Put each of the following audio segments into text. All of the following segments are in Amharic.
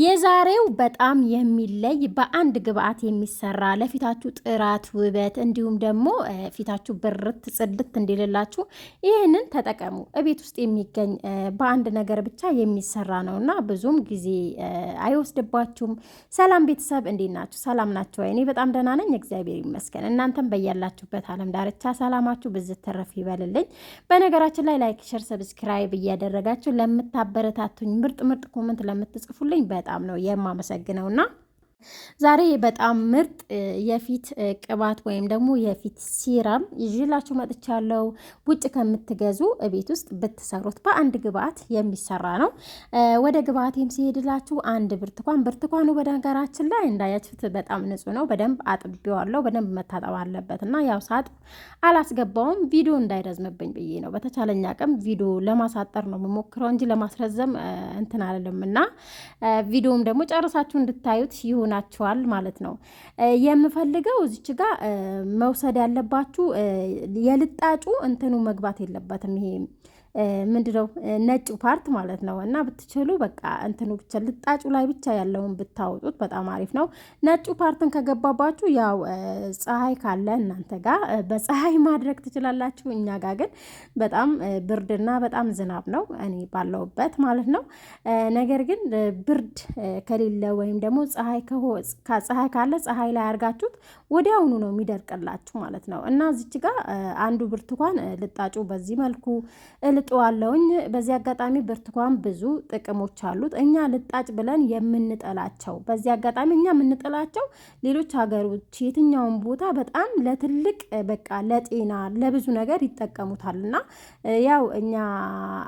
የዛሬው በጣም የሚለይ በአንድ ግብአት የሚሰራ ለፊታችሁ ጥራት ውበት እንዲሁም ደግሞ ፊታችሁ ብርት ጽድት እንዲልላችሁ ይህንን ተጠቀሙ። እቤት ውስጥ የሚገኝ በአንድ ነገር ብቻ የሚሰራ ነው እና ብዙም ጊዜ አይወስድባችሁም። ሰላም ቤተሰብ፣ እንዴት ናችሁ? ሰላም ናቸው? እኔ በጣም ደህና ነኝ፣ እግዚአብሔር ይመስገን። እናንተም በያላችሁበት ዓለም ዳርቻ ሰላማችሁ ብዝት ተረፍ ይበልልኝ። በነገራችን ላይ ላይክ፣ ሸር፣ ሰብስክራይብ እያደረጋችሁ ለምታበረታቱኝ ምርጥ ምርጥ ኮመንት ለምትጽፉልኝ በጣም ነው የማመሰግነውና ዛሬ በጣም ምርጥ የፊት ቅባት ወይም ደግሞ የፊት ሲራም ይዤላችሁ መጥቻለሁ። ውጭ ከምትገዙ ቤት ውስጥ ብትሰሩት በአንድ ግብአት የሚሰራ ነው። ወደ ግብአቴም ሲሄድላችሁ አንድ ብርትኳን ብርትኳኑ በነገራችን ላይ እንዳያችሁት በጣም ንጹህ ነው። በደንብ አጥቤዋለሁ። በደንብ መታጠብ አለበት እና ያው ሳጥብ አላስገባውም ቪዲዮ እንዳይረዝምብኝ ብዬ ነው። በተቻለኝ አቅም ቪዲዮ ለማሳጠር ነው የምሞክረው እንጂ ለማስረዘም እንትን አለልም እና ቪዲዮም ደግሞ ጨርሳችሁ እንድታዩት ይሁን ይሆናችኋል ማለት ነው። የምፈልገው እዚች ጋ መውሰድ ያለባችሁ የልጣጩ እንትኑ መግባት የለበትም ይሄ ምንድነው ነጩ ፓርት ማለት ነው። እና ብትችሉ በቃ እንትኑ ብቻ ልጣጩ ላይ ብቻ ያለውን ብታወጡት በጣም አሪፍ ነው። ነጩ ፓርትን ከገባባችሁ ያው ፀሐይ ካለ እናንተ ጋር በፀሐይ ማድረግ ትችላላችሁ። እኛ ጋር ግን በጣም ብርድና በጣም ዝናብ ነው እኔ ባለውበት ማለት ነው። ነገር ግን ብርድ ከሌለ ወይም ደግሞ ፀሐይ ካለ ፀሐይ ላይ አድርጋችሁት ወዲያውኑ ነው የሚደርቅላችሁ ማለት ነው። እና እዚች ጋር አንዱ ብርቱካን ልጣጩ በዚህ መልኩ እጠዋለሁኝ። በዚህ አጋጣሚ ብርቱካን ብዙ ጥቅሞች አሉት። እኛ ልጣጭ ብለን የምንጠላቸው በዚህ አጋጣሚ እኛ የምንጠላቸው ሌሎች ሀገሮች የትኛውን ቦታ በጣም ለትልቅ በቃ ለጤና ለብዙ ነገር ይጠቀሙታል። እና ያው እኛ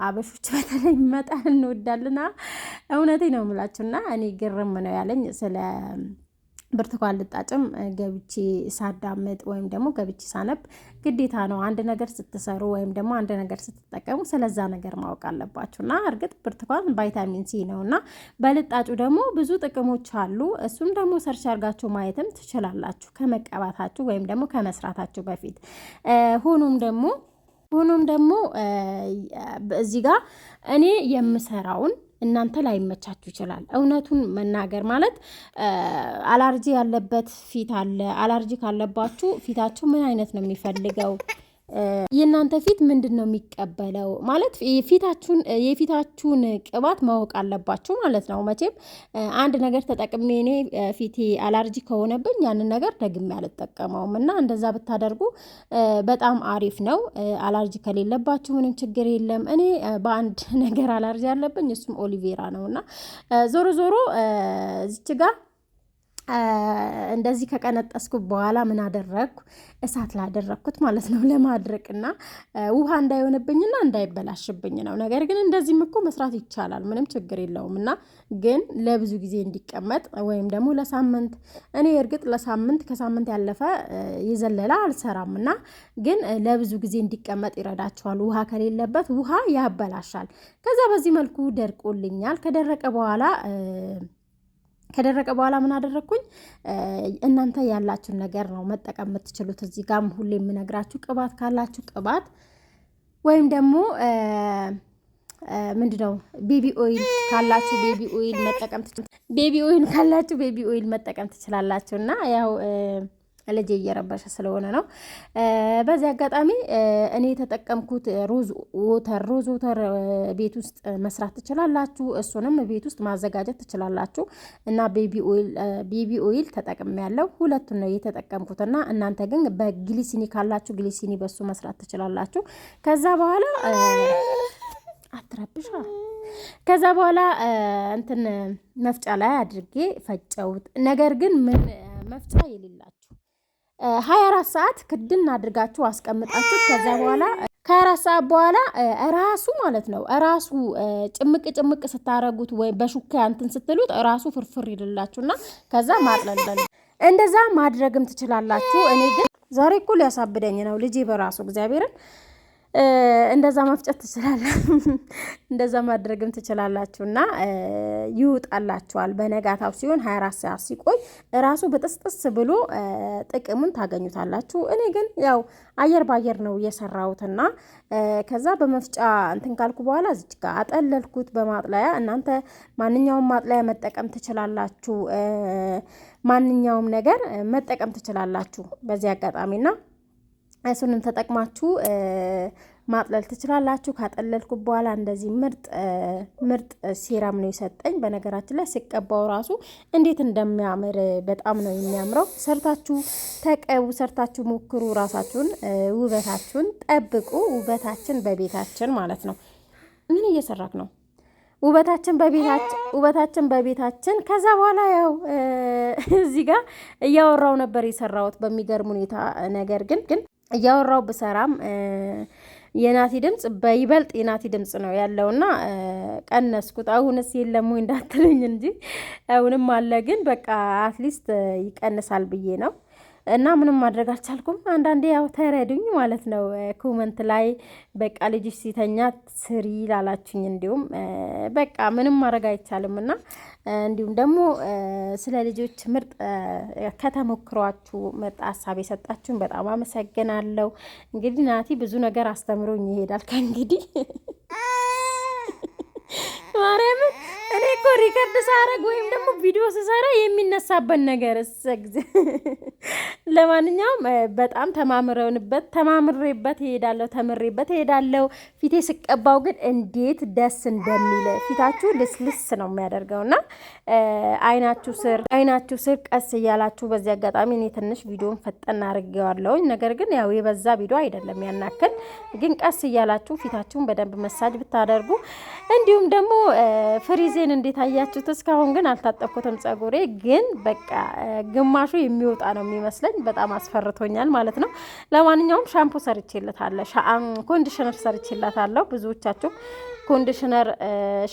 አበሾች በተለይ መጣል እንወዳልና እውነቴ ነው የምላችሁ እኔ ግርም ነው ያለኝ ስለ ብርቱካን ልጣጭም ገብቼ ሳዳምጥ ወይም ደግሞ ገብቼ ሳነብ ግዴታ ነው። አንድ ነገር ስትሰሩ ወይም ደግሞ አንድ ነገር ስትጠቀሙ ስለዛ ነገር ማወቅ አለባችሁ እና እርግጥ ብርቱካን ቫይታሚን ሲ ነው እና በልጣጩ ደግሞ ብዙ ጥቅሞች አሉ። እሱም ደግሞ ሰርች አድርጋችሁ ማየትም ትችላላችሁ ከመቀባታችሁ ወይም ደግሞ ከመስራታችሁ በፊት ሆኖም ደግሞ ሆኖም ደግሞ እዚህ ጋር እኔ የምሰራውን እናንተ ላይመቻችሁ ይችላል። እውነቱን መናገር ማለት አላርጂ ያለበት ፊት አለ። አላርጂ ካለባችሁ ፊታችሁ ምን አይነት ነው የሚፈልገው የእናንተ ፊት ምንድን ነው የሚቀበለው? ማለት የፊታችሁን ቅባት ማወቅ አለባችሁ ማለት ነው። መቼም አንድ ነገር ተጠቅሜ እኔ ፊቴ አላርጂ ከሆነብኝ ያንን ነገር ደግሜ አልጠቀመውም እና እንደዛ ብታደርጉ በጣም አሪፍ ነው። አላርጂ ከሌለባችሁ ምንም ችግር የለም። እኔ በአንድ ነገር አላርጂ አለብኝ፣ እሱም ኦሊቬራ ነው እና ዞሮ ዞሮ እዚች ጋር እንደዚህ ከቀነጠስኩ በኋላ ምን አደረግኩ? እሳት ላደረግኩት ማለት ነው ለማድረቅና ውሃ እንዳይሆንብኝና እንዳይበላሽብኝ ነው። ነገር ግን እንደዚህም እኮ መስራት ይቻላል፣ ምንም ችግር የለውም። እና ግን ለብዙ ጊዜ እንዲቀመጥ ወይም ደግሞ ለሳምንት እኔ እርግጥ ለሳምንት ከሳምንት ያለፈ የዘለለ አልሰራም። እና ግን ለብዙ ጊዜ እንዲቀመጥ ይረዳቸዋል ውሃ ከሌለበት ውሃ ያበላሻል። ከዛ በዚህ መልኩ ደርቆልኛል። ከደረቀ በኋላ ከደረቀ በኋላ ምን አደረግኩኝ? እናንተ ያላችሁን ነገር ነው መጠቀም የምትችሉት። እዚህ ጋም ሁሌ የምነግራችሁ ቅባት ካላችሁ ቅባት ወይም ደግሞ ምንድን ነው ቤቢ ኦይል ካላችሁ ቤቢ ኦይል መጠቀም ቤቢ ኦይል ካላችሁ ቤቢ ኦይል መጠቀም ትችላላችሁ እና ያው ልጅ እየረበሸ ስለሆነ ነው። በዚህ አጋጣሚ እኔ የተጠቀምኩት ሮዝ ወተር ሮዝ ወተር ቤት ውስጥ መስራት ትችላላችሁ። እሱንም ቤት ውስጥ ማዘጋጀት ትችላላችሁ እና ቤቢ ኦይል ተጠቅም ያለው ሁለቱን ነው የተጠቀምኩት እና እናንተ ግን በግሊሲኒ ካላችሁ ግሊሲኒ በሱ መስራት ትችላላችሁ። ከዛ በኋላ አትረብሻ ከዛ በኋላ እንትን መፍጫ ላይ አድርጌ ፈጨውት። ነገር ግን ምን መፍጫ የሌላቸው ሀያ አራት ሰዓት ክድን አድርጋችሁ አስቀምጣችሁ ከዛ በኋላ ከሀያ አራት ሰዓት በኋላ ራሱ ማለት ነው ራሱ ጭምቅ ጭምቅ ስታረጉት ወይ በሹካ እንትን ስትሉት ራሱ ፍርፍር ይልላችሁና ከዛ ማጥለለን እንደዛ ማድረግም ትችላላችሁ። እኔ ግን ዛሬ እኮ ሊያሳብደኝ ነው ልጄ በራሱ እግዚአብሔርን እንደዛ መፍጨት ትችላለ እንደዛ ማድረግም ትችላላችሁ። ና ይውጣላችኋል። በነጋታው ሲሆን 24 ሰዓት ሲቆይ እራሱ በጥስጥስ ብሎ ጥቅሙን ታገኙታላችሁ። እኔ ግን ያው አየር በአየር ነው እየሰራውትና ከዛ በመፍጫ እንትን ካልኩ በኋላ እዚች አጠለልኩት በማጥለያ። እናንተ ማንኛውም ማጥለያ መጠቀም ትችላላችሁ። ማንኛውም ነገር መጠቀም ትችላላችሁ በዚህ አጋጣሚና እሱንም ተጠቅማችሁ ማጥለል ትችላላችሁ። ካጠለልኩ በኋላ እንደዚህ ምርጥ ምርጥ ሴራም ነው የሰጠኝ። በነገራችን ላይ ሲቀባው ራሱ እንዴት እንደሚያምር በጣም ነው የሚያምረው። ሰርታችሁ ተቀቡ፣ ሰርታችሁ ሞክሩ። ራሳችሁን ውበታችሁን ጠብቁ። ውበታችን በቤታችን ማለት ነው። ምን እየሰራክ ነው? ውበታችን በቤታችን ውበታችን በቤታችን። ከዛ በኋላ ያው እዚህ ጋር እያወራው ነበር የሰራሁት በሚገርም ሁኔታ ነገር ግን ግን እያወራው ብሰራም የናቲ ድምፅ በይበልጥ የናቲ ድምፅ ነው ያለውና ቀነስኩት። አሁንስ የለም ወይ እንዳትለኝ እንጂ አሁንም አለ፣ ግን በቃ አትሊስት ይቀንሳል ብዬ ነው። እና ምንም ማድረግ አልቻልኩም። አንዳንዴ ያው ተረዱኝ ማለት ነው። ኮመንት ላይ በቃ ልጅሽ ሲተኛ ስሪ ላላችሁኝ፣ እንዲሁም በቃ ምንም ማድረግ አይቻልም እና እንዲሁም ደግሞ ስለ ልጆች ምርጥ ከተሞክሯችሁ ምርጥ ሀሳብ የሰጣችሁን በጣም አመሰግናለሁ። እንግዲህ ናቲ ብዙ ነገር አስተምሮኝ ይሄዳል ከእንግዲህ ማርያምን እኮ ሪከርድ ሳረግ ወይም ደግሞ ቪዲዮ ስሰራ የሚነሳበት ነገር ለማንኛውም በጣም ተማምረውንበት ተማምሬበት እሄዳለሁ፣ ተምሬበት እሄዳለሁ። ፊቴ ስቀባው ግን እንዴት ደስ እንደሚል ፊታችሁ ልስልስ ነው የሚያደርገው እና አይናችሁ ስር አይናችሁ ስር ቀስ እያላችሁ በዚህ አጋጣሚ እኔ ትንሽ ቪዲዮን ፈጠን አድርጌዋለሁኝ። ነገር ግን ያው የበዛ ቪዲዮ አይደለም ያናክል፣ ግን ቀስ እያላችሁ ፊታችሁን በደንብ መሳጅ ብታደርጉ እንዲሁም ደግሞ ፍሪዜን እንዴት ታያችሁት። እስካሁን ግን አልታጠብኩትም። ጸጉሬ ግን በቃ ግማሹ የሚወጣ ነው የሚመስለኝ። በጣም አስፈርቶኛል ማለት ነው። ለማንኛውም ሻምፖ ሰርቼለታለሁ፣ ኮንዲሽነር ሰርቼላታለሁ። ብዙዎቻችሁ ኮንዲሽነር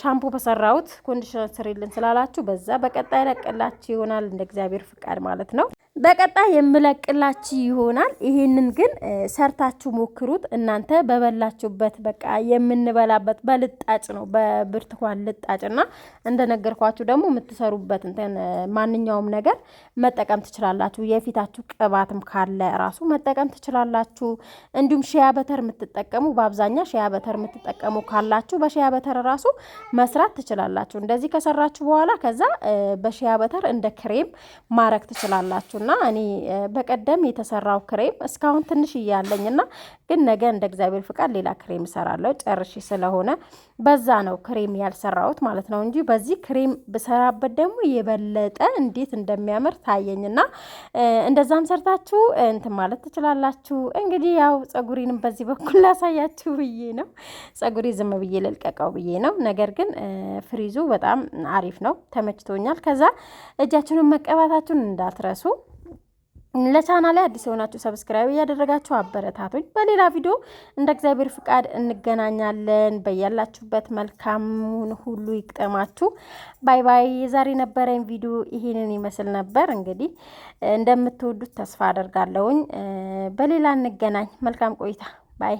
ሻምፑ በሰራሁት ኮንዲሽነር ስሪልን ስላላችሁ በዛ በቀጣይ ለቅላችሁ ይሆናል እንደ እግዚአብሔር ፍቃድ ማለት ነው። በቀጣይ የምለቅላችሁ ይሆናል። ይሄንን ግን ሰርታችሁ ሞክሩት። እናንተ በበላችሁበት በቃ የምንበላበት በልጣጭ ነው፣ በብርቱካን ልጣጭ እና እንደነገርኳችሁ ደግሞ የምትሰሩበት እንትን ማንኛውም ነገር መጠቀም ትችላላችሁ። የፊታችሁ ቅባትም ካለ ራሱ መጠቀም ትችላላችሁ። እንዲሁም ሺያ በተር የምትጠቀሙ በአብዛኛው ሺያ በተር የምትጠቀሙ ካላችሁ በሺያ በተር ራሱ መስራት ትችላላችሁ። እንደዚህ ከሰራችሁ በኋላ ከዛ በሺያ በተር እንደ ክሬም ማረግ ትችላላችሁ። እና እኔ በቀደም የተሰራው ክሬም እስካሁን ትንሽ እያለኝ እና ግን ነገ እንደ እግዚአብሔር ፍቃድ ሌላ ክሬም እሰራለሁ ጨርሼ ስለሆነ በዛ ነው ክሬም ያልሰራሁት ማለት ነው እንጂ በዚህ ክሬም ብሰራበት ደግሞ የበለጠ እንዴት እንደሚያምር ታየኝ ና እንደዛም ሰርታችሁ እንትን ማለት ትችላላችሁ። እንግዲህ ያው ጸጉሪንም በዚህ በኩል ላሳያችሁ ብዬ ነው። ጸጉሪ ዝም ብዬ ልልቀቀው ብዬ ነው። ነገር ግን ፍሪዙ በጣም አሪፍ ነው፣ ተመችቶኛል። ከዛ እጃችሁንም መቀባታችሁን እንዳትረሱ። ላይ አዲስ የሆናችሁ ሰብስክራይብ እያደረጋችሁ አበረታቶች። በሌላ ቪዲዮ እንደ እግዚአብሔር ፍቃድ እንገናኛለን። በያላችሁበት መልካሙን ሁሉ ይቅጠማችሁ። ባይ ባይ። የዛሬ ነበረኝ ቪዲዮ ይሄንን ይመስል ነበር። እንግዲህ እንደምትወዱት ተስፋ አደርጋለሁኝ። በሌላ እንገናኝ። መልካም ቆይታ። ባይ